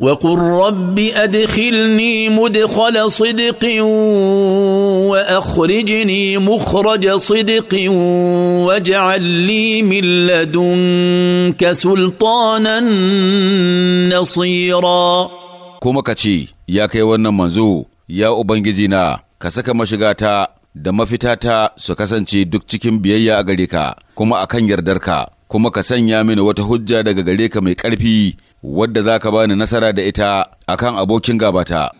وقل رب ادخلني مدخل صدق واخرجني مخرج صدق واجعل لي من لدنك سلطانا نصيرا kuma ka ce ya kai wannan manzo ya مشغاتا ka saka mashigata da mafitata su kasance duk cikin biyayya a gare ka kuma akan yardarka kuma ka sanya mini wata hujja daga gare ka mai ƙarfi wadda za ka bani nasara da ita akan abokin gabata.